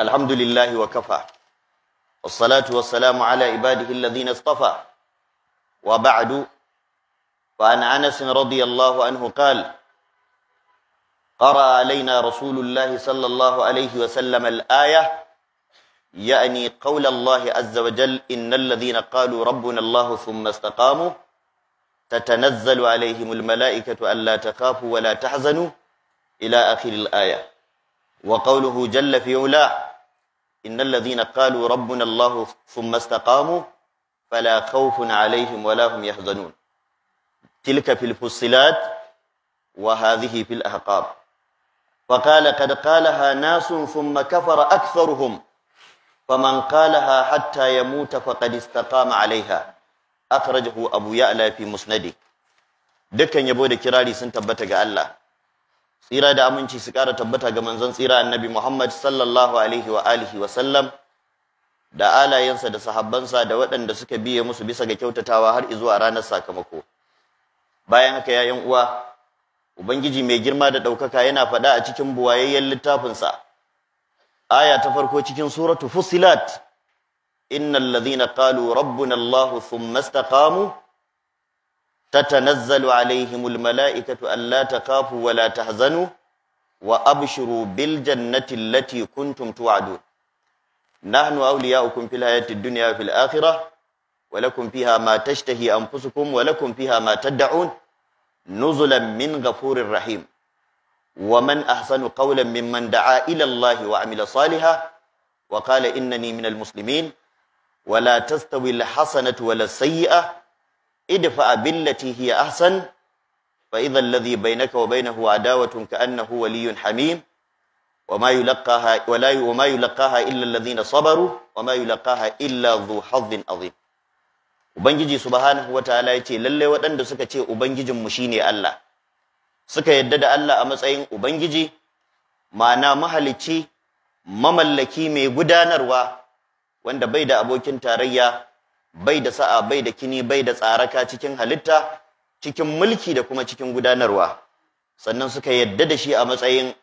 الحمد لله وكفى والصلاة والسلام على عباده الذين اصطفى وبعد وعن أنس رضي الله عنه قال قرأ علينا رسول الله صلى الله عليه وسلم الآية يعني قول الله عز وجل إن الذين قالوا ربنا الله ثم استقاموا تتنزل عليهم الملائكة ألا تخافوا ولا تحزنوا إلى آخر الآية وقوله جل في علاه innal ladhina qalu rabbuna Allah thumma istaqamu fala khawfun alaihim wala hum yahzanun tilka fil fussilat wa hadhihi fil ahqab وقال قد قالها ناس ثم كفر أكثرهم فمن قالها حتى يموت فقد استقام عليها أخرجه أبو يعلى في مسنده دكان يبو da kirari sun tabbata ga Allah tsira da aminci su ƙara tabbata ga manzon tsira annabi Muhammad sallallahu alaihi wa alihi wa sallam da alayensa da sahabbansa da waɗanda suka biye musu bisa ga kyautatawa har zuwa ranar sakamako bayan haka ya uwa ubangiji mai girma da ɗaukaka yana faɗa a cikin buwayayyen littafinsa aya ta farko cikin suratu fusilat innal ladhina qalu rabbuna thumma istaqamu ta tatanazzalu alaihimul mala'ikatu alla takafu wa wala tahzanu wa abshiru bil jannati allati kuntum tu'adun nahnu awliya'ukum fil hayati dunya fil akhirah wa lakum fiha ma tashtahi anfusukum wa lakum fiha ma tad'un nuzulan min ghafurir rahim wa man ahsanu qawlan mimman da'a ila allahi wa amila salihan wa qala innani minal musulmin wala la tastawi al hasanatu wa la sayyi'ah idfa billati hiya ahsan fa idha alladhi bainaka wa bainahu adawatun annahu waliyyun hamim وما يلقاها ولا وما يلقاها الا الذين صبروا وما يلقاها الا ذو حظ عظيم ubangiji subhanahu wataala yace lalle waɗanda suka ce ubangijin mu shine Allah suka yadda da Allah a matsayin ubangiji ma'ana mahalicci mamallaki mai gudanarwa wanda bai da abokin tarayya bai da sa'a bai da kini bai da tsaraka cikin halitta cikin mulki da kuma cikin gudanarwa sannan suka yadda da shi a matsayin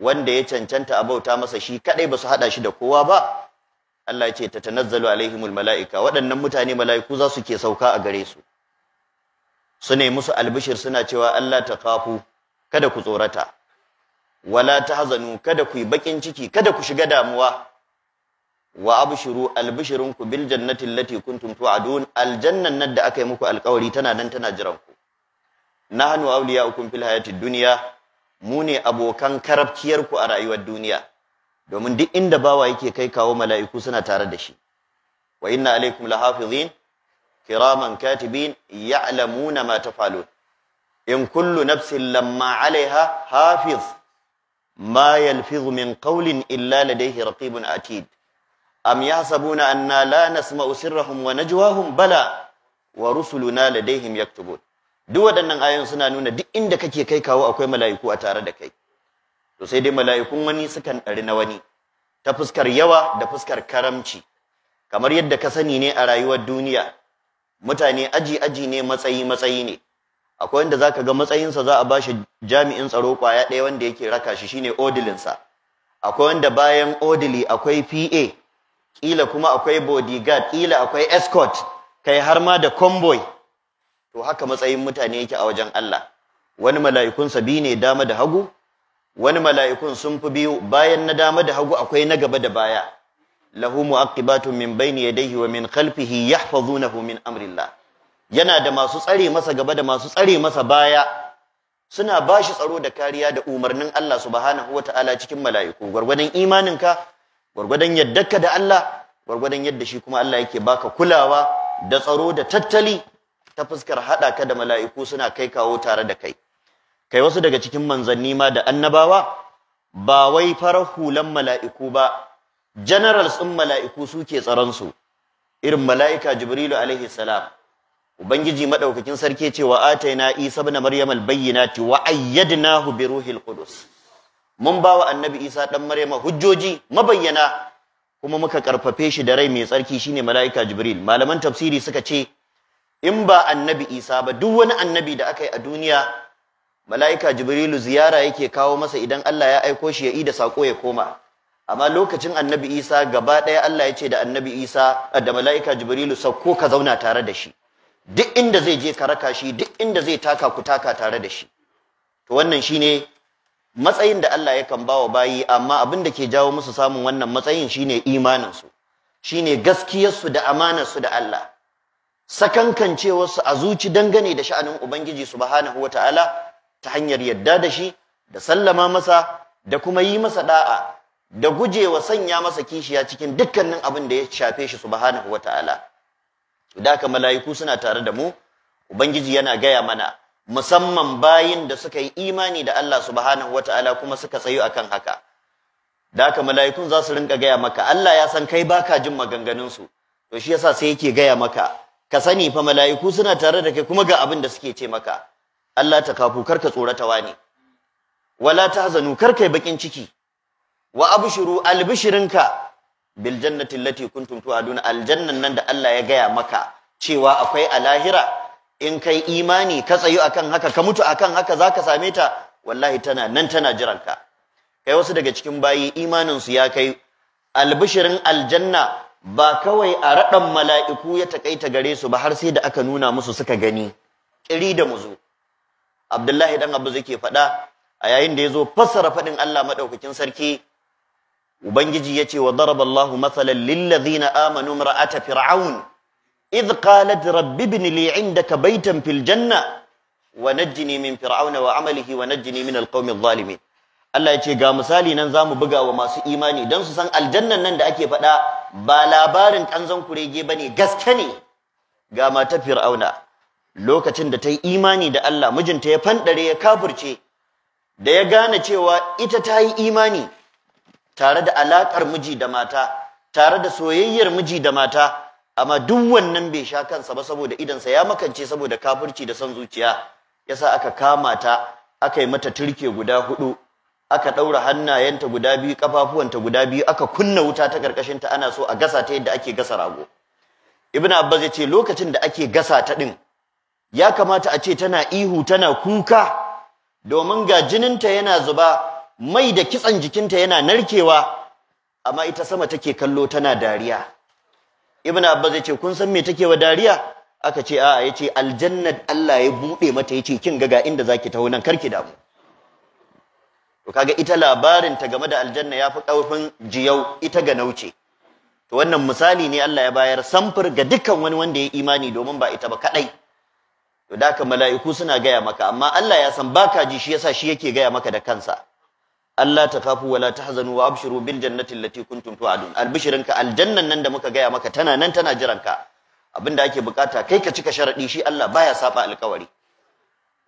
wanda ya cancanta a bauta masa shi kaɗai ba su hada shi da kowa ba Allah ya ce ta tanazzalu alaihimul mala'ika waɗannan mutane mala'iku za su ke sauka a gare su su ne musu albishir suna cewa Allah ta kafu kada ku tsorata wala ta hazanu kada ku yi bakin ciki kada ku shiga damuwa wa abshuru albishirunku bil jannati allati kuntum tu'adun aljannan nan da aka yi muku alkawari tana nan tana jiran ku nahnu awliya'ukum fil hayatid dunya mu ne abokan karabciyar ku a rayuwar duniya domin duk inda bawa yake kai kawo mala'iku suna tare da shi wa inna alaikum lahafizin kiraman katibin ya'lamuna ma taf'alun in kullu nafsin lamma 'alaiha hafiz ma yalfizu min qawlin illa ladayhi raqibun atid am yahsabuna anna la nasma'u sirrahum wa najwahum bala wa rusuluna ladaihim yaktubun duk waɗannan ayoyin suna nuna duk inda kake kai kawo akwai mala'iku a tare da kai to sai dai mala'ikun wani sukan ɗari na wani ta fuskar yawa da fuskar karamci kamar yadda ka sani ne a rayuwar duniya mutane aji aji ne matsayi matsayi ne akwai wanda zaka ga matsayinsa za a bashi jami'in tsaro kwaya ɗaya wanda yake raka shi shine odilinsa akwai wanda bayan odili akwai PA ƙila kuma akwai bodyguard ƙila akwai escort kai har ma da convoy to haka matsayin mutane yake a wajen Allah wani mala'ikun sabi ne dama da hagu wani mala'ikun sun fi biyu bayan na dama da hagu akwai na gaba da baya lahu mu'aqibatu min bayni yadayhi wa min khalfihi yahfazunahu min amrillah yana da masu tsare masa gaba da masu tsare masa baya suna bashi tsaro da kariya da umarnin Allah subhanahu Ta'ala cikin mala'iku gwargwadon imaninka gwargwadon ka da Allah gwargwadon yadda shi kuma Allah yake baka kulawa da tsaro da tattali ta fuskar haɗa ka da mala'iku suna kai kawo tare da kai kai wasu daga cikin manzanni ma da annabawa ba wai farar hulan mala'iku ba generals ɗin mala'iku suke tsaron su irin mala'ika jibrilu alaihi ubangiji madaukakin sarki cewa ataina isa ibn maryam ti wa ayyadnahu bi ruhil qudus mun bawa annabi Isa ɗan Maryama hujjoji mabayyana kuma muka karfafe shi da rai mai tsarki shine malaika Jibril malaman tafsiri suka ce in ba annabi Isa ba duk wani annabi da aka yi a duniya malaika Jibrilu ziyara yake kawo masa idan Allah ya aiko shi ya yi da sako ya koma amma lokacin annabi Isa gaba ɗaya Allah ya ce da annabi Isa da malaika Jibrilu sauko ka zauna tare da shi duk inda zai je ka raka shi duk inda zai taka ku taka tare da shi to wannan shine matsayin da Allah yakan ba wa bayi amma abin da ke jawo musu samun wannan matsayin shine imaninsu shine gaskiyarsu da amanarsu da Allah sakankancewarsu a zuci dangane da sha'anin Ubangiji subhanahu wa ta'ala ta hanyar yadda da shi da sallama masa da kuma yi masa da'a da gujewa sanya masa kishiya cikin dukkanin abin da ya shafe shi subhanahu wa ta'ala da haka mala'iku suna tare da mu Ubangiji yana gaya mana musamman bayin da suka yi imani da Allah subhanahu wataala kuma suka tsayu akan haka da haka mala'ikun za su rinka gaya maka Allah ya san kai baka jin maganganun su to shi yasa sai yake gaya maka ka sani fa mala'iku suna tare da kai kuma ga abin da suke ce maka Allah ta kafu kar ka tsorata wani wala tahzanu karkai bakin ciki wa shiru albishirinka bil jannati allati kuntum duna aljannan nan da Allah ya gaya maka cewa akwai a lahira in kai imani ka tsayu akan haka ka mutu akan haka zaka same ta wallahi tana nan tana jiran ka. kai wasu daga cikin bayi imanin su ya kai albishirin aljanna ba kawai a raɗan mala'iku ya takaita gare su ba har sai da aka nuna musu suka gani ƙiri da muzu abdullahi dan abu zake faɗa a yayin da ya zo fassara faɗin allah maɗaukakin sarki ubangiji ya ce wa daraballahu matsalan lillazina amanu mar'ata fir'aun إذ قالت رب ابن لي عندك بيتا في الجنة ونجني من فرعون وعمله ونجني من القوم الظالمين Allah ya ce ga misali nan zamu buga wa masu imani dan su san aljannan nan da ake faɗa ba labarin kanzon kurege bane gaske ne ga mata Fir'auna lokacin da ta yi imani da Allah mijinta ya fandare ya kafirce da ya gane cewa ita ta yi imani tare da alakar miji da mata tare da soyayyar miji da mata amma duk wannan bai sha kansa ba saboda idansa ya makance saboda kafirci da son zuciya yasa aka kama ta aka yi mata turke guda hudu aka daura hannayenta guda biyu kafafuwanta guda biyu aka kunna wuta ta karkashin ta ana so a gasa ta yadda ake gasa rago ibn abbas ya ce lokacin da ake gasa ta din ya kamata a ce tana ihu tana kuka domin ga jininta yana zuba mai da kitsan jikinta yana narkewa amma ita sama take kallo tana dariya ibn abbas ya ce kun san me take wa dariya aka ce a'a yace ce aljannat Allah ya buɗe mata ya ce kin ga inda zaki taho nan karki damu to kaga ita labarin ta game da aljanna ya fi ƙarfin jiyau ita ga nauce to wannan misali ne Allah ya bayar samfur ga dukkan wani wanda ya imani domin ba ita ba kadai to da ka mala'iku suna gaya maka amma Allah ya san baka ji shi yasa shi yake gaya maka da kansa Allah ta kafu wala hazanu wa abshiru bil jannati allati kuntum tu'adun albishirinka aljannan nan da muka gaya maka tana nan tana jiranka abinda ake bukata kai ka cika sharadi shi Allah baya saba alkawari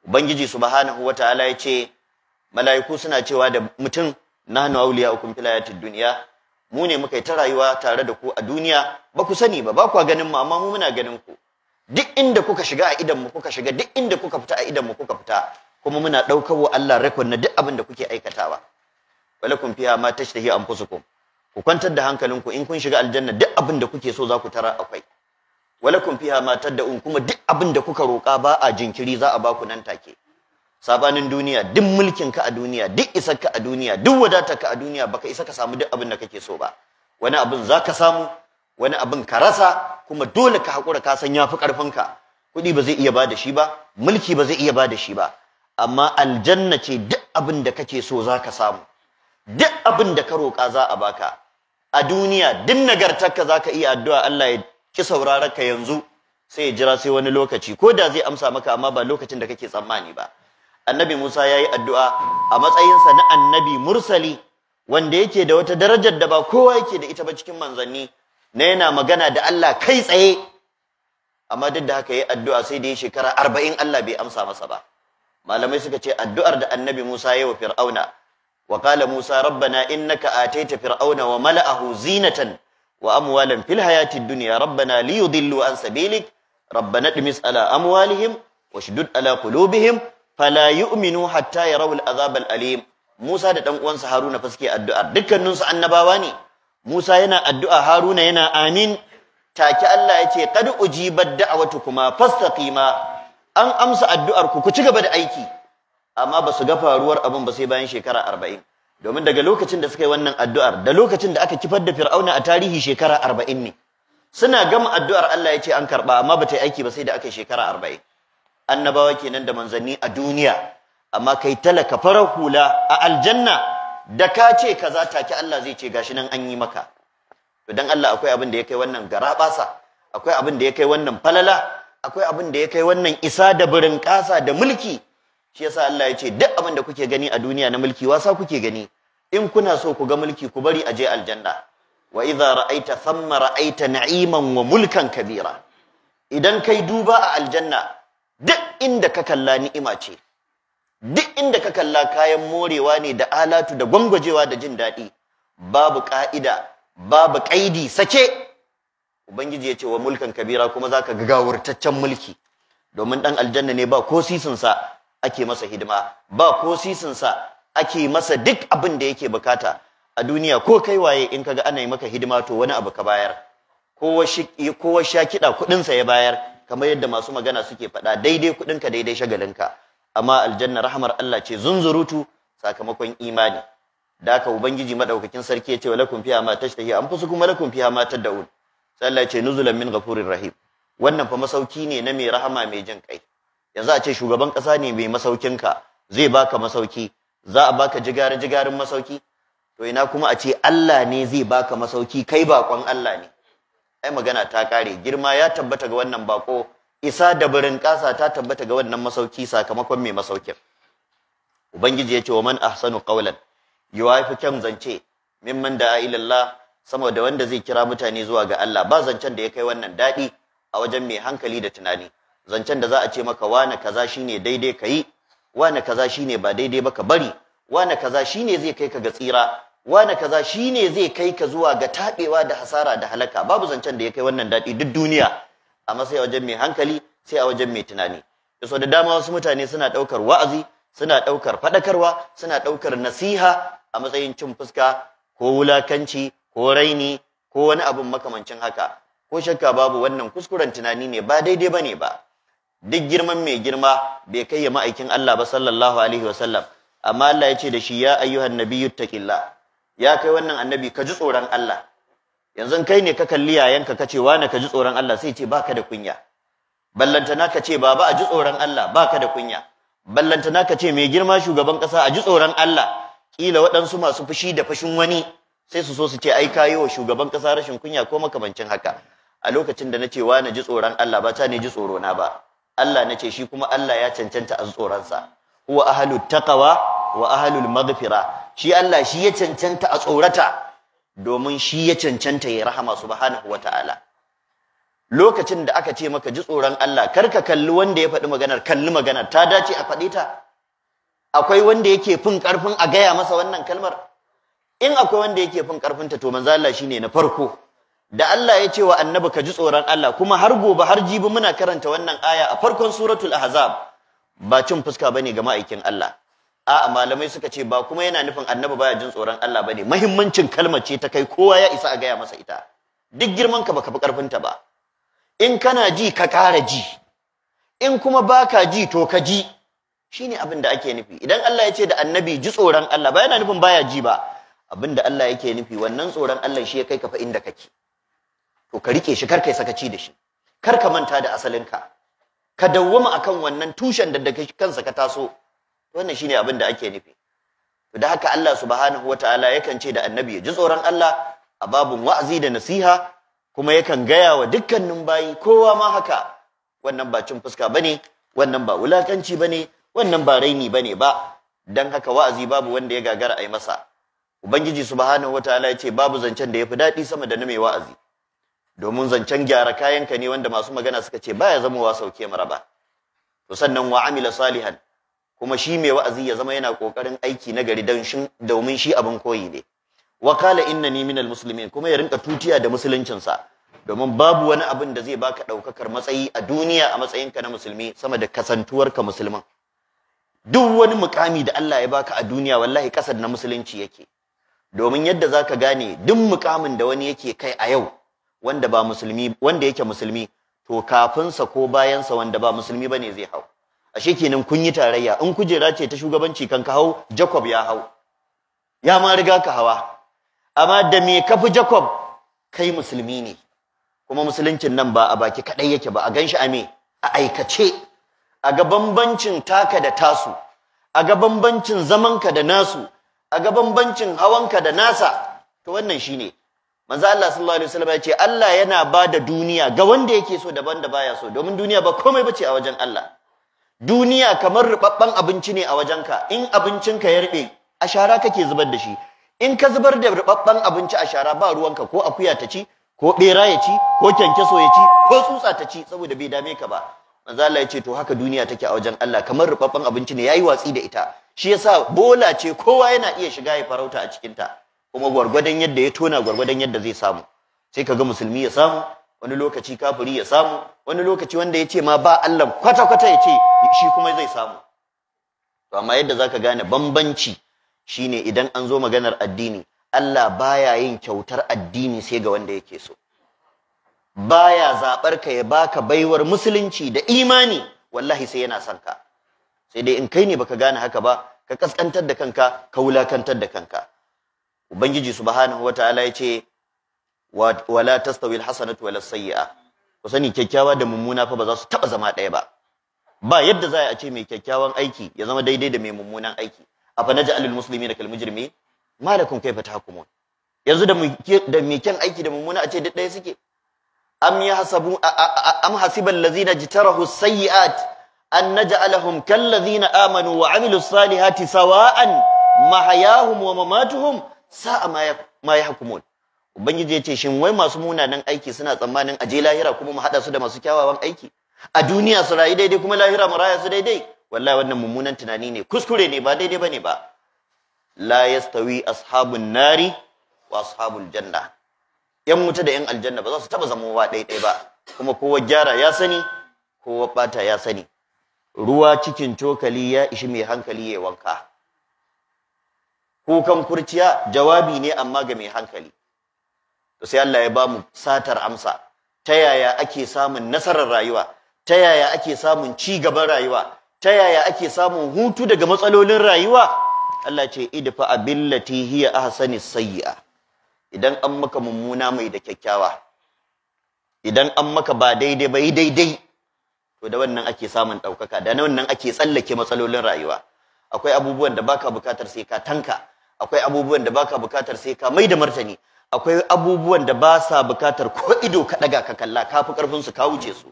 ubangiji subhanahu wataala ya ce mala'iku suna cewa da mutum nahnu awliya'ukum fil hayatid dunya mu ne muka yi ta rayuwa tare da ku a duniya ba ku sani ba ba ku ganin mu amma mu muna ganin ku duk inda kuka shiga a idan mu kuka shiga duk inda kuka fita a idan mu kuka fita kuma muna ɗaukar wa Allah rekod na duk abin da kuke aikatawa walakum fiha ma tashtahi anfusukum ku kwantar da hankalinku in kun shiga aljanna duk abin da kuke so za ku tara akwai walakum fiha ma tad'un kuma duk abin da kuka roƙa ba a jinkiri za a baku nan take sabanin duniya duk mulkin ka a duniya duk isar ka a duniya duk wadatar ka a duniya baka isa ka samu duk abin da kake so ba wani abin za ka samu wani abin ka rasa kuma dole ka haƙura ka san yafi ka kuɗi ba zai iya ba da shi ba mulki ba zai iya ba da shi ba amma aljanna ce duk abin da kake so za ka samu duk abin da ka roƙa za a baka a duniya duk nagartarka za ka iya addu'a Allah ya ki saurara ka yanzu sai ya jira sai wani lokaci ko da zai amsa maka amma ba lokacin da kake tsammani ba annabi Musa ya yi addu'a a matsayinsa na annabi mursali wanda yake da wata darajar da ba kowa yake da ita ba cikin manzanni na yana magana da Allah kai tsaye amma duk da haka ya yi addu'a sai da ya shekara arba'in Allah bai amsa masa ba malamai suka ce addu'ar da annabi Musa ya yi wa fir'auna wa qala musa rabbana innaka ataita fir'auna wa mala'ahu zinatan wa amwalan fil hayatid dunya rabbana liyudillu an sabilik rabbana dmis ala amwalihim washdud ala qulubihim fala yu'minu hatta yarawu al'azab al'alim musa da dan uwansa haruna faske suke addu'a dukkanin annabawa ne musa yana addu'a haruna yana amin take Allah yace qad ujibat da'watukuma fastaqima an amsa addu'ar ku ku ci gaba da aiki amma ba su ga faruwar abin ba sai bayan shekara arba'in domin daga lokacin da suka yi wannan addu'ar da lokacin da aka kifar da fir'auna a tarihi shekara arba'in ne suna gama addu'ar Allah ya ce an karɓa amma ba ta yi aiki ba sai da aka shekara arba'in annabawa kenan da manzanni a duniya amma kai talaka farar hula a aljanna da ka ce kaza take Allah zai ce gashi nan an yi maka to dan Allah akwai abin da ya kai wannan garabasa akwai abin da ya kai wannan falala akwai abin da ya kai wannan isa da burin kasa da mulki shi yasa Allah ya ce duk abin da kuke gani a duniya na mulki wasa kuke gani in kuna so ku ga mulki ku bari aje aljanna wa idza ra'aita thumma ra'aita na'iman wa mulkan kabira idan kai duba a aljanna duk inda ka kalla ni'ima ce duk inda ka kalla kayan morewa ne da alatu da gwangwajewa da jin daɗi babu ka'ida babu kaidi sake ubangiji ya ce wa mulkan kabira kuma zaka ga gawurtaccen mulki domin dan aljanna ne ba ko sisinsa ake masa hidima ba ko sisinsa ake masa duk abin da yake bukata a duniya ko kai waye in kaga ana yi maka hidima to wani abu ka bayar kowa sha kudin sa ya bayar kamar yadda masu magana suke faɗa daidai ka daidai shagalin ka amma aljanna rahmar Allah ce zunzurutu sakamakon imani da ka ubangiji madaukakin sarki ya ce walakum fiha ma tashtahi kuma lakum fiha ma tada'un. sai Allah ya ce nuzulan min ghafurir rahim wannan fa masauki ne na mai rahama mai jin kai yanzu a ce shugaban ƙasa ne mai masaukin ka zai baka masauki za a baka jigare jigarin masauki to ina kuma a ce Allah ne zai baka masauki kai bakon Allah ne ai magana ta kare girma ya tabbata ga wannan bako isa da birin kasa ta tabbata ga wannan masauki sakamakon mai masaukin ubangiji ya ce wa man ahsanu qawlan yuwafi kyan zance mimman da ilallah sama da wanda zai kira mutane zuwa ga Allah ba zancen da ya kai wannan dadi a wajen mai hankali da tunani zancen da za a ce maka wane kaza shine daidai ka yi wane kaza shine ba daidai ba ka bari wane kaza shine zai kai ka ga tsira wane kaza shine zai kai ka zuwa ga taɓewa da hasara da halaka babu zancen da ya kai wannan daɗi duk duniya amma sai a wajen mai hankali sai a wajen mai tunani yaso da dama wasu mutane suna ɗaukar wa'azi suna ɗaukar faɗakarwa suna ɗaukar nasiha a matsayin cin fuska ko wulakanci ko raini ko wani abin makamancin haka ko shakka babu wannan kuskuren tunani ne ba daidai ba ne ba duk girman mai girma bai kai ya ma'aikin Allah ba sallallahu alaihi wasallam amma Allah ya ce da shi ya ayyuhan nabiyyu taqilla ya kai wannan annabi ka ji tsoron Allah yanzu kai ne ka kalli yayanka ka ce wani ka ji tsoron Allah sai ce baka da kunya ballantana ka ce baba a ji tsoron Allah baka da kunya ballantana ka ce mai girma shugaban kasa a ji tsoron Allah kila waɗansu masu fushi da fashin wani sai su so su ce ai kayi wa shugaban kasa rashin kunya ko makamancin haka a lokacin da na ce wani ji tsoron Allah ba ta ne ji tsoro na ba Allah na ce shi kuma Allah ya cancanta an tsoronsa huwa ahalul taqwa wa ahalul maghfira shi Allah shi ya cancanta a tsorata domin shi ya cancanta ya rahama subhanahu wataala lokacin da aka ce maka ji tsoron Allah kar ka kalli wanda ya faɗi maganar kalli maganar ta dace a faɗi ta akwai wanda yake fin karfin a gaya masa wannan kalmar in akwai wanda yake fin ta to manzo Allah shine na farko da Allah ya ce wa annabi ka ji tsoron Allah kuma har gobe har jibi muna karanta wannan aya a farkon suratul ahzab ba cin fuska bane ga ma'aikin Allah a malamai suka ce ba kuma yana nufin annabi baya jin tsoron Allah bane muhimmancin kalmar ce ta kai kowa ya isa a gaya masa ita duk girman ka baka fi karfin ta ba in kana ji ka kara ji in kuma baka ji to ka ji shine abin da ake nufi idan Allah ya ce da annabi ji tsoron Allah ba yana nufin baya ji ba Abinda Allah yake nufi wannan tsoron Allah shi ya kai ka fa inda kake to ka rike shi kar kai sakaci da shi kar ka manta da asalinka ka dawwama akan wannan tushen da daga kansa ka taso wannan shine abin da ake nufi to da haka Allah subhanahu wataala yakan ce da annabi ya ji tsoron Allah a babun wa'azi da nasiha kuma yakan gaya wa dukkanin bayi kowa ma haka wannan ba cin fuska bane wannan ba wulakanci bane wannan ba raini bane ba dan haka wa'azi babu wanda ya gagara ai masa ubangiji subhanahu wataala ya ce babu zancen da yafi daɗi sama da na mai wa'azi domin zancen gyara kayanka ne wanda masu magana suka ce baya zama wa sauke ba to sannan wa amila salihan kuma shi mai wa'azi ya zama yana kokarin aiki na gari dan shin domin shi abin koyi ne wa qala innani minal muslimin kuma ya rinka tutiya da musuluncin sa domin babu wani abin da zai baka daukakar matsayi a duniya a matsayin ka na musulmi sama da kasantuwar ka musulman duk wani mukami da Allah ya baka a duniya wallahi kasar na musulunci yake domin yadda zaka gane duk mukamin da wani yake kai a yau wanda ba musulmi wanda yake musulmi to kafinsa ko bayansa wanda ba musulmi bane zai hau ashe kenan kun yi tarayya in kujera ce ta shugabanci kan ka hau Jacob ya hau ya ma riga ka hawa amma da me kafi Jacob kai musulmi ne kuma musuluncin nan ba a baki kadai yake ba a ganshi a me a aikace a ga bambancin taka da tasu a ga bambancin zamanka da nasu a ga bambancin hawanka da nasa to wannan shine manzo Allah sallallahu alaihi wasallam ya ce Allah yana ba da duniya ga wanda yake so daban da baya so domin duniya ba komai bace a wajen Allah duniya kamar rubabban abinci ne a wajenka in abincinka ya rube a shara kake zubar da shi in ka zubar da rubabban abinci a shara ba ruwanka ko akuya ta ci ko bera ya ci ko kyankyaso ya ci ko tsutsa ta ci saboda bai dame ka ba manzo Allah ya ce to haka duniya take a wajen Allah kamar rubabban abinci ne yayi watsi da ita shi yasa bola ce kowa yana iya shiga ya farauta a cikinta. ta kuma gwargwadon yadda ya tona gwargwadon yadda zai samu sai kaga musulmi ya samu wani lokaci kafiri ya samu wani lokaci wanda ya ce ma ba Allah kwata kwata ya ce shi kuma zai samu to amma yadda ka gane bambanci shine idan an zo maganar addini Allah baya yin kyautar addini sai ga wanda yake so baya zabar ka ya baka baiwar musulunci da imani wallahi sai yana son ka sai dai in kai ne baka gane haka ba ka kaskantar da kanka ka wulakantar da kanka ubangiji subhanahu ta'ala ya ce wala tastawi alhasanatu wala sayyi'a ku sani kyakkyawa da mummuna fa ba za su taba zama ɗaya ba ba yadda za a ce mai kyakkyawan aiki ya zama daidai da mai mummunan aiki afa naj'alul muslimina kal mujrimi malakum kayfa tahkumun yanzu da da mai kyan aiki da mummuna a ce duk ɗaya suke am yahsabu am hasiba allazina jitarahu sayyi'at an naj'alahum kal ladzina amanu wa amilus salihati sawa'an mahayahum wa mamatuhum sa'a ma ya hukumun ubangiji ya ce shin wai masu munanan aiki suna tsammanin a je lahira kuma mu haɗa su da masu kyawawan aiki a duniya su rayu daidai kuma lahira mu raya su daidai wallahi wannan mummunan tunani ne kuskure ne ba daidai bane ba la yastawi ashabun nari wa ashabul janna yan wuta da yan aljanna ba za su taba zamowa daidai ba kuma kowa gyara ya sani kowa bata ya sani ruwa cikin cokali ya ishi mai hankali ya wanka kukan kurciya jawabi ne amma ga mai hankali to sai Allah ya bamu satar amsa ta yaya ake samun nasarar rayuwa ta yaya ake samun ci gaban rayuwa ta yaya ake samun hutu daga matsalolin rayuwa Allah ce idfa abillati hiya ahsani sayyi'a idan an maka mummuna mai da kyakkyawa idan an maka ba daidai bai daidai to da wannan ake samun ɗaukaka da wannan ake tsallake matsalolin rayuwa akwai abubuwan da baka bukatar sai ka tanka akwai abubuwan da baka bukatar sai ka mai da martani akwai abubuwan da ba sa bukatar ko ido ka daga ka kalla ka fi karfin su ka wuce su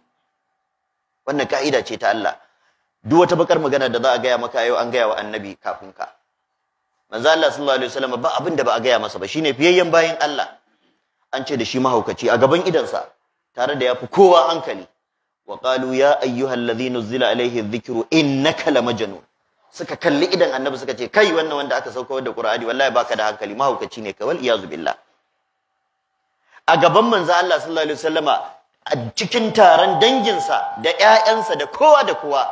wannan ka'ida ce ta Allah duk wata bakar magana da za a gaya maka yau an gaya wa annabi kafin ka manzo Allah sallallahu alaihi wasallam ba abin da ba a gaya masa ba shine fiyayyen bayin Allah an ce da shi mahaukaci a gaban idansa tare da yafi kowa hankali wa qalu ya ayyuhal ladhi nuzila alaihi dhikru innaka lamajnun suka kalli idan annabi suka ce kai wannan wanda aka sauko da qur'ani wallahi baka da hankali mahaukaci ne kawai. wal iyazu billah a gaban manzo Allah sallallahu alaihi wasallama a cikin taron danginsa da ƴaƴansa da kowa da kowa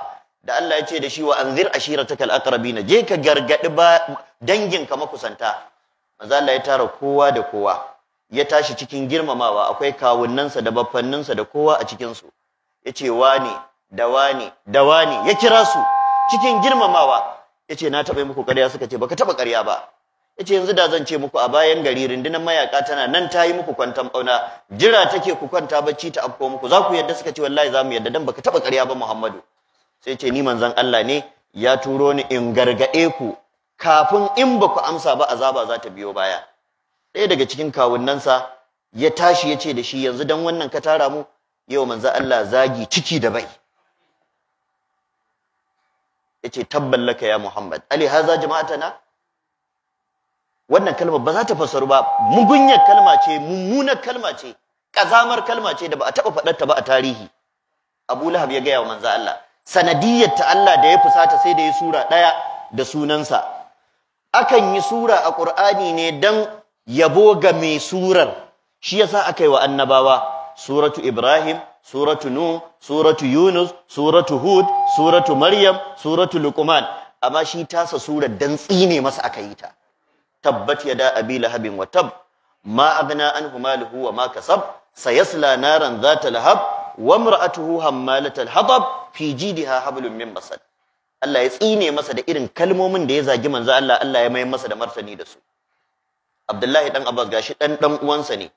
da Allah ya ce da shi wa anzir ashiratakal aqrabina je ka gargadi ba danginka makusanta manzo Allah ya tara kowa da kowa ya tashi cikin girmamawa akwai kawunnansa da baffanninsa da kowa a cikin su yace wani da wani da wani ya kira su cikin girmamawa yace na taba muku ƙarya suka ce baka taɓa ƙarya ba yace yanzu da zan ce muku a bayan gari rindinan mayaka tana nan ta yi muku kwantan bauna jira take ku kwanta bacci ta afko muku za ku yadda suka ce wallahi za mu yadda dan baka taɓa ƙarya ba Muhammadu sai ce ni manzon Allah ne ya turo ni in gargaɗe ku kafin in baku amsa ba azaba za ta biyo baya ɗaya daga cikin kawunnansa ya tashi ya ce da shi yanzu dan wannan ka tara mu yau manzon Allah zagi ciki da bai yace tabban laka ya Muhammad ali haza na? wannan kalma ba za ta fasaru ba mugunyar kalma ce mummunar kalma ce kazamar kalma ce da ba a taba fadar ta ba a tarihi Abu Lahab ya gaya wa manzo Allah sanadiyyar ta Allah da ya fusata sai da ya sura daya da sunansa akan yi sura a Qur'ani ne dan yabo ga mai surar shi yasa aka yi wa annabawa suratu Ibrahim suratu nu suratu yunus suratu hud suratu maryam suratu luqman amma shi tasa sura dan tsine masa aka yi ta tabbat yada abi lahabin wa tab ma abna anhu maluhu wa ma kasab sayasla naran zata lahab wa mar'atuhu hammalat hatab fi jidha hablum min masad Allah ya tsine masa da irin kalmomin da ya zagi manzo Allah Allah ya mai masa da martani da su Abdullahi dan Abbas gashi dan dan uwansa ne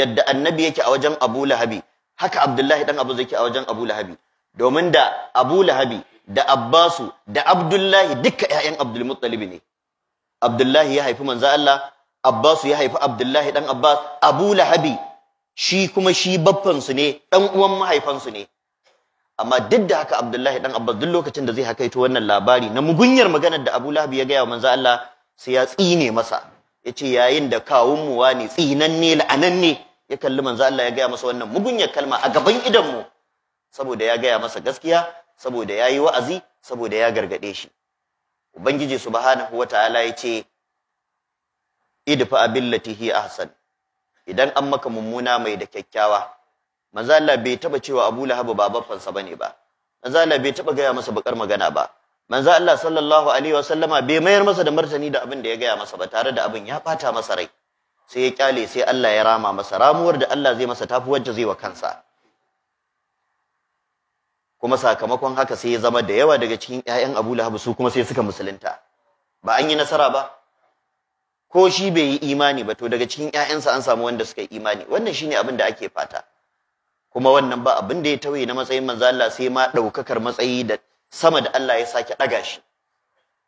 yadda annabi yake a wajen Abu Lahabi haka abdullahi dan abu zaki a wajen abu lahabi domin da abu lahabi da abbasu da abdullahi dukkan ƴaƴan abdul ne abdullahi ya haifi manzo Allah abbasu ya haifi abdullahi dan abbas abu lahabi shi kuma shi babban su ne dan uwan mahaifan su ne amma duk da haka abdullahi dan abbas duk lokacin da zai hakaito wannan labari na mugunyar maganar da abu lahabi ya gaya wa manzo Allah sai ya tsine masa yace yayin da kawun mu ne tsinanne la'ananne ya kalli manzo Allah ya gaya masa wannan mugunyar kalma a gaban idan mu saboda ya gaya masa gaskiya saboda ya yi wa'azi saboda ya gargade shi ubangiji subhanahu wataala ya ce idfa abillati hi ahsan idan an maka mummuna mai da kyakkyawa manzo Allah bai taba cewa Abu Lahab babansa bane ba manzo Allah bai taba gaya masa bakar magana ba manzo Allah sallallahu alaihi wasallama bai mayar masa da martani da abin da ya gaya masa ba tare da abin ya bata masa rai sai ya kyale sai Allah ya rama masa ramuwar da Allah zai masa tafi wacce zai wa kansa kuma sakamakon haka sai ya zama da yawa daga cikin ƴaƴan Abu Lahab su kuma sai suka musulunta ba an yi nasara ba ko shi bai yi imani ba to daga cikin ƴaƴansa an samu wanda suka yi imani wannan shine abin da ake fata kuma wannan ba abin da ya tauye na matsayin manzo Allah sai ma daukakar matsayi da sama da Allah ya sake daga shi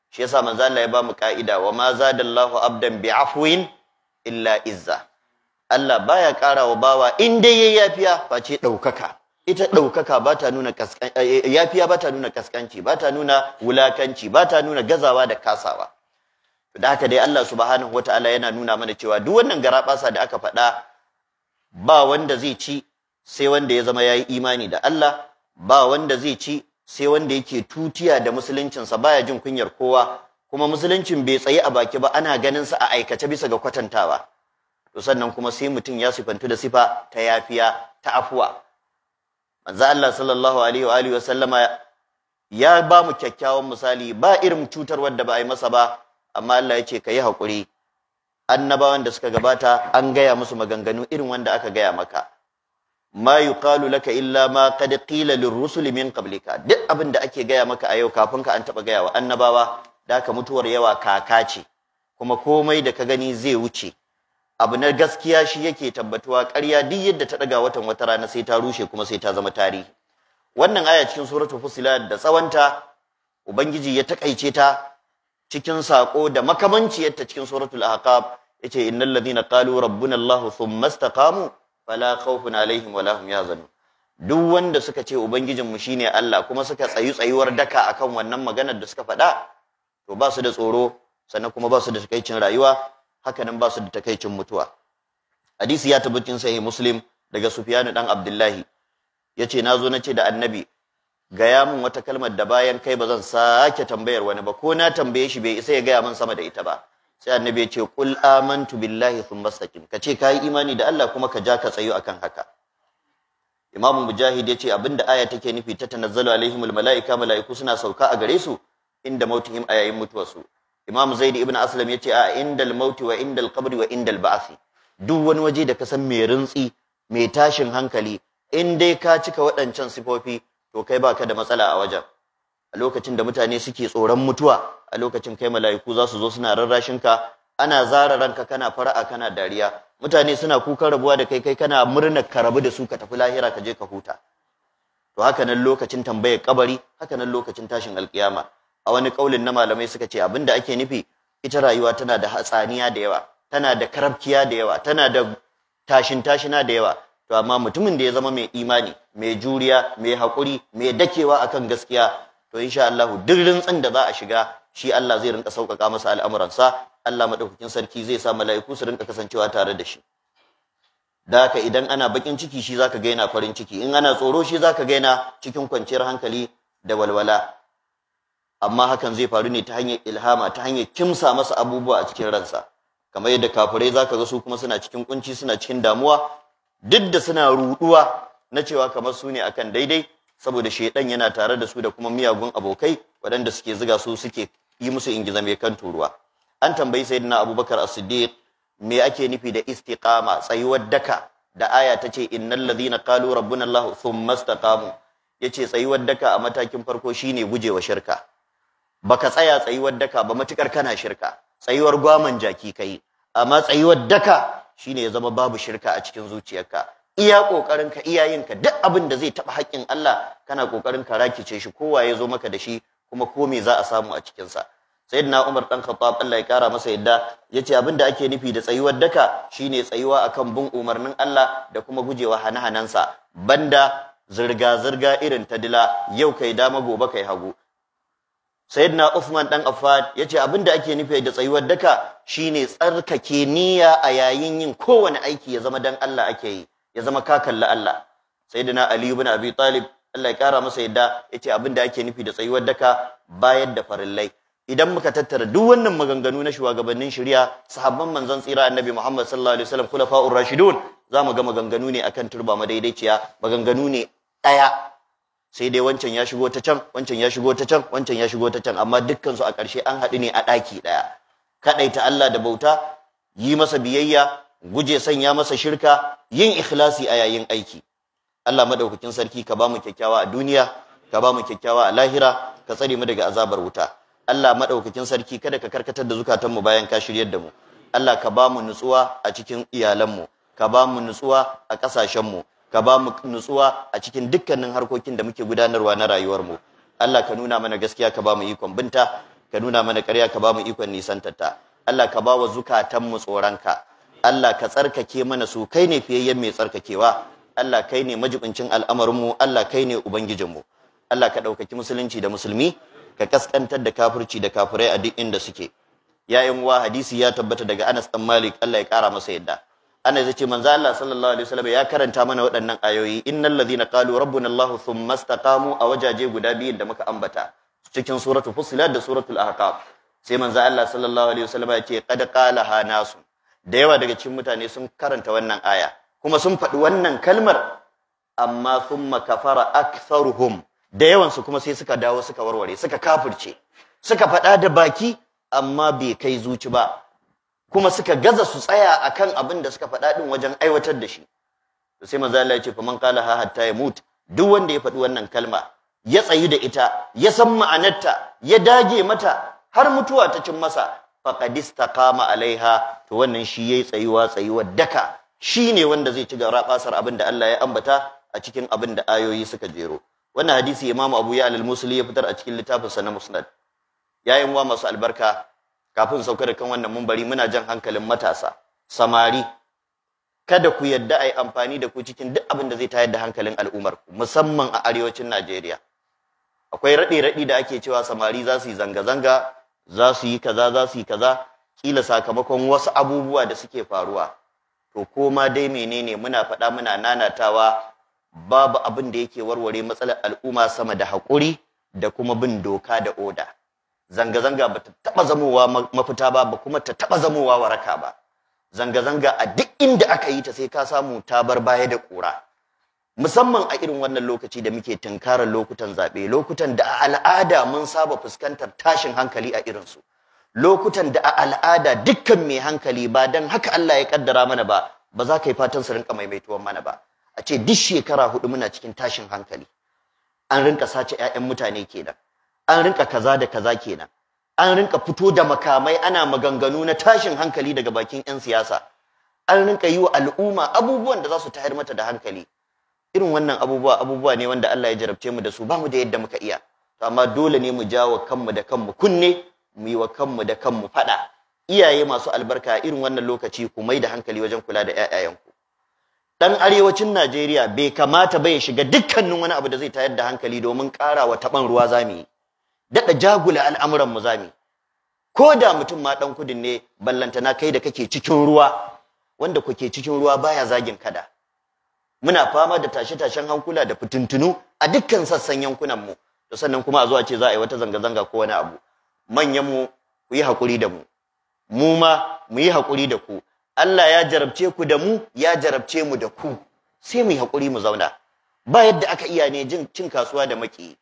shi yasa manzo Allah ya ba mu ka'ida wa ma zadallahu abdan bi'afwin illa izza Allah baya ƙara wa bawa in dai yayi yafiya face ɗaukaka ita ɗaukaka ba ta nuna eh, eh, yafiya ba ta nuna kaskanci ba ta nuna wulakanci ba ta nuna gazawa da kasawa da haka dai Allah subhanahu wataala yana nuna mana cewa duk wannan garaɓasa da aka faɗa ba wanda zai ci sai wanda ya zama yayi imani da Allah ba wanda zai ci sai wanda yake tutiya da musuluncinsa baya jin kunyar kowa kuma musuluncin bai tsaye a baki ba ana ganin sa a aikace bisa ga kwatantawa to sannan kuma sai mutum ya sifantu da sifa ta yafiya ta afuwa manzo Allah sallallahu alaihi wa alihi wa sallama ya ba mu kyakkyawan misali ba irin cutar wanda ba a yi masa ba amma Allah ya ce ka yi haƙuri annabawan da suka gabata an gaya musu maganganu irin wanda aka gaya maka ma yuqalu laka illa ma qad qila lirrusuli min qablika duk abin da ake gaya maka a yau kafin ka an taba gaya wa annabawa da ka mutuwar yawa kaka ce kuma komai da ka gani zai wuce abu na gaskiya shi yake tabbatuwa ƙarya duk yadda ta daga watan wata rana sai ta rushe kuma sai ta zama tarihi wannan aya cikin suratul fusilat da tsawanta ubangiji ya takaice ta cikin sako da makamanciyarta cikin suratul ahqab yace innal ladina qalu rabbuna allah thumma istaqamu fala khawfun alaihim wala hum yahzanun duk wanda suka ce ubangijin mu shine Allah kuma suka tsayu tsayuwar daka akan wannan maganar da suka faɗa to ba su da tsoro sannan kuma ba su da takaicin rayuwa hakanan ba su da takaicin mutuwa hadisi ya tabbatin sahih muslim daga sufyanu dan abdullahi yace nazo nace da annabi gaya min wata kalmar da bayan kai ba zan sake tambayar wani ba ko na tambaye shi bai isa ya gaya mun sama da ita ba sai annabi ya ce qul amantu billahi thumma sakin kace kai imani da Allah kuma ka ja ka tsayo akan haka imamu mujahid ce abinda aya take nufi ta tanazzalu alaihimul malaika malaiku suna sauka a gare su inda mautin a yayin mutuwarsu imam zaid ibn aslam ya ce, a indal mauti wa indal qabri wa indal ba'thi duk wani waje da ka san mai rintsi mai tashin hankali in dai ka cika waɗancan sifofi to kai baka da matsala a wajen a lokacin da mutane suke tsoron mutuwa a lokacin kai mala'iku za su zo suna rarrashin ka ana zara ranka kana fara'a kana dariya mutane suna kukan rabuwa da kai kai kana murna ka rabu da su ka tafi lahira ka je ka huta to haka nan lokacin tambayar kabari haka nan lokacin tashin alkiyama a wani kaulin na malamai suka ce abinda ake nufi ita rayuwa tana da hatsaniya da yawa tana da karabkiya da yawa tana da tashin tashina da yawa to amma mutumin da ya zama mai imani mai juriya mai haƙuri mai dakewa akan gaskiya to insha Allah duk rintsin da za a shiga shi Allah zai rinka sauƙaƙa masa al'amuransa Allah madaukakin sarki zai sa mala'iku su rinka kasancewa tare da shi da haka idan ana bakin ciki shi zaka ga yana farin ciki in ana tsoro shi zaka ga yana cikin kwanciyar hankali da walwala amma hakan zai faru ne ta hanyar ilhama ta hanyar kimsa masa abubuwa a cikin ransa kamar yadda kafirai zaka ga su kuma suna cikin kunci suna cikin damuwa duk da suna ruduwa na cewa kamar su ne akan daidai saboda shedan yana tare da su da kuma miyagun abokai waɗanda suke zuga su suke yi musu ingiza mai kan turuwa an tambayi sayyidina abubakar as-siddiq me ake nufi da istiqama tsayuwar daka da aya ta ce innal ladhina qalu rabbuna allah thumma istaqamu yace tsayuwar daka a matakin farko shine gujewa shirka baka tsaya tsayuwar daka ba matukar kana shirka tsayuwar gwaman jaki kai amma tsayuwar daka shine ya zama babu shirka a cikin zuciyarka iya kokarin ka ka duk abin da zai taba haƙƙin Allah kana kokarin ka rakice shi kowa ya zo maka da shi kuma ko me za a samu a cikin sa sayyidina Umar dan Khattab Allah ya kara masa yadda yace abin da ake nufi da tsayuwar daka shine tsayuwa akan bin umarnin Allah da kuma gujewa hanahanansa banda zirga zirga irin ta dila yau kai dama gobe kai hagu sayyidina Uthman dan Affan yace abinda ake nufi da tsayuwar daka shine tsarkake niyya a yayin yin kowane aiki ya zama dan Allah ake yi ya zama ka kalla Allah sayyidina Ali ibn Abi Talib Allah ya kara masa yadda yace abinda ake nufi da tsayuwar daka bayar da farillai idan muka tattara duk wannan maganganu na shugabannin shari'a sahabban manzon tsira annabi Muhammad sallallahu alaihi wasallam khulafa'ur rashidun zamu ga maganganu ne akan turba madaidaiciya maganganu ne daya sai dai wancan ya shigo ta can wancan ya shigo ta can wancan ya shigo ta can amma dukkan su a ƙarshe an haɗu ne a ɗaki ɗaya Kaɗai ta Allah da bauta yi masa biyayya guje sanya masa shirka yin ikhlasi a yayin aiki Allah madaukakin sarki ka bamu kyakkyawa a duniya ka bamu kyakkyawa a lahira ka tsare mu daga azabar wuta Allah madaukakin sarki kada ka karkatar da zukatan mu bayan ka shiryar da mu Allah ka bamu nutsuwa a cikin iyalanmu ka bamu nutsuwa a mu ka ba mu nutsuwa a cikin dukkanin harkokin da muke gudanarwa na rayuwar mu Allah ka nuna mana gaskiya ka ba mu ikon binta ka nuna mana ƙarya ka ba mu ikon nisantarta Allah ka ba wa zukatan mu tsoronka Allah ka tsarkake mana su kai ne fiyayyen mai tsarkakewa Allah kai ne majibincin al'amarin mu Allah kai ne ubangijin mu Allah ka ɗaukaki musulunci da musulmi ka kaskantar da kafirci da kafirai a duk inda suke ya uwa hadisi ya tabbata daga Anas dan Malik Allah ya kara masa yadda ana zai ce manzo Allah sallallahu alaihi wasallam ya karanta mana waɗannan ayoyi innal ladhina qalu rabbuna Allah thumma istaqamu a wajaje guda biyun da muka ambata cikin suratul fusilat da suratul ahqaf sai manzo Allah sallallahu alaihi wasallam ya ce qad qalaha nasu da yawa daga cikin mutane sun karanta wannan aya kuma sun faɗi wannan kalmar amma thumma kafara aktharuhum da yawan su kuma sai suka dawo suka warware suka kafirce suka faɗa da baki amma bai kai zuci ba kuma suka gaza su tsaya akan abin da suka faɗa din wajen aiwatar da shi to sai manzo Allah ya ce faman qala ha hatta yamut duk wanda ya faɗi wannan kalma ya tsayi da ita ya san ma'anarta ya dage mata har mutuwa ta cin masa faqad istaqama alaiha to wannan shi yayi tsayuwa tsayuwar daka shine wanda zai ci gaba fasar abin da Allah ya ambata a cikin abin da ayoyi suka jero wannan hadisi Imam Abu Ya'la al-Musli ya fitar a cikin littafinsa na Musnad yayin wa masu albarka kafin sauka da kan wannan mumbari muna jan hankalin matasa samari kada ku yadda ai amfani da ku cikin duk abin da zai tayar da hankalin al'ummar ku musamman a arewacin Najeriya akwai raɗe-raɗi da ake cewa samari za su yi zanga-zanga za su yi kaza za su yi kaza kila sakamakon wasu abubuwa da suke faruwa to koma dai menene muna faɗa muna nanatawa babu abin da yake warware matsalar al'umma sama da hakuri, da kuma bin doka da oda zanga-zanga ba ta taɓa zamowa mafita ba ba kuma ta taɓa zamowa waraka ba zanga-zanga a duk inda aka yi ta sai ka samu ta bar baya da ƙura musamman a irin wannan lokaci da muke tunkarar lokutan zaɓe lokutan da a al'ada mun saba fuskantar tashin hankali a irinsu lokutan da a al'ada dukkan mai hankali ba don haka Allah ya kaddara mana ba ba za ka yi fatan su rinka maimaituwan mana ba a ce duk shekara hudu muna cikin tashin hankali an rinka sace 'ya'yan mutane kenan an rinka kaza da kaza kenan an rinka fito da makamai ana maganganu na tashin hankali daga bakin 'yan siyasa an rinka yi wa al'umma abubuwan da za su tayar mata da hankali irin wannan abubuwa abubuwa ne wanda Allah ya jarabce mu da su bamu da yadda muka iya to amma dole ne mu jawo kanmu da kanmu kunne mu yi wa kanmu da kanmu fada iyaye masu albarka irin wannan lokaci ku mai da hankali wajen kula da ƴaƴayenku dan arewacin Najeriya bai kamata ba ya shiga dukkanin wani abu da zai tayar da hankali domin ƙara wa taban ruwa zamu yi daɗa jagula al'amuran mu zami ko da mutum ma ɗan kudin ne ballantana kai da kake cikin ruwa wanda kuke cikin ruwa baya zagin kada muna fama da tashe-tashen hankula da fitintunu a dukkan sassan yankunan mu to sannan kuma a zuwa ce za a yi wata zanga-zanga ko wani abu manyan mu ku yi hakuri da mu mu ma mu yi hakuri da ku Allah ya jarabce ku da mu ya jarabce mu da ku sai mu yi hakuri mu zauna ba yadda aka iya ne jin cin kasuwa da maki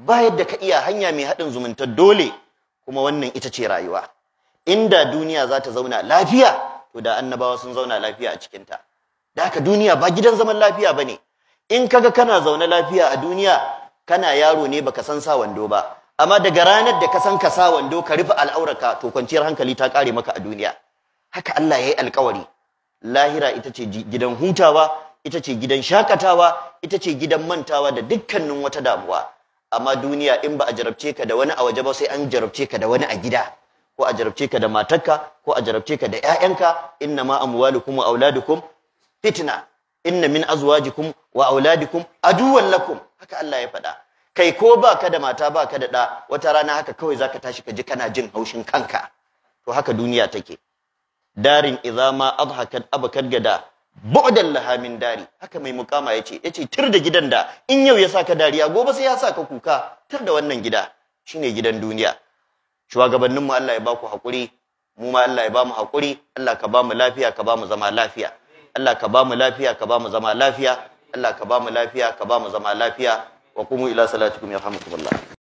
ba yadda ka iya hanya mai haɗin zumunta dole kuma wannan ita ce rayuwa inda duniya za ta zauna lafiya to da annabawa sun zauna lafiya a cikinta da haka duniya ba gidan zaman lafiya ba ne in kaga kana zaune lafiya a duniya kana yaro ne baka san sa wando ba amma daga ranar da ka san ka sa wando ka rufe al'auraka, to kwanciyar hankali ta kare maka a duniya haka Allah ya yi alkawari lahira ita ce gidan hutawa ita ce gidan shakatawa ita ce gidan mantawa da dukkanin wata damuwa amma duniya in ba a jarabce ka da wani a waje ba sai an jarabce ka da wani a gida ko a jarabce ka da matarka ko a jarabce ka da ƴaƴanka inna ma amwalukum wa auladukum fitna inna min azwajikum wa auladikum aduwwan lakum haka Allah ya faɗa kai ko baka da mata baka da ɗa. wata rana haka kawai zaka tashi ka ji kana jin haushin kanka to haka duniya take darin idza ma adhakat gada bu'dan laha min dari haka mai mukama yace yace tir da gidan da in yau ya saka dariya gobe sai ya saka kuka tir da wannan gida shine gidan duniya shugabannin mu Allah ya baku hakuri mu ma Allah ya bamu hakuri Allah ka bamu lafiya ka bamu zama lafiya Allah ka bamu lafiya ka bamu zama lafiya Allah ka bamu lafiya ka bamu zama lafiya wa qumu ila salatikum yarhamukumullah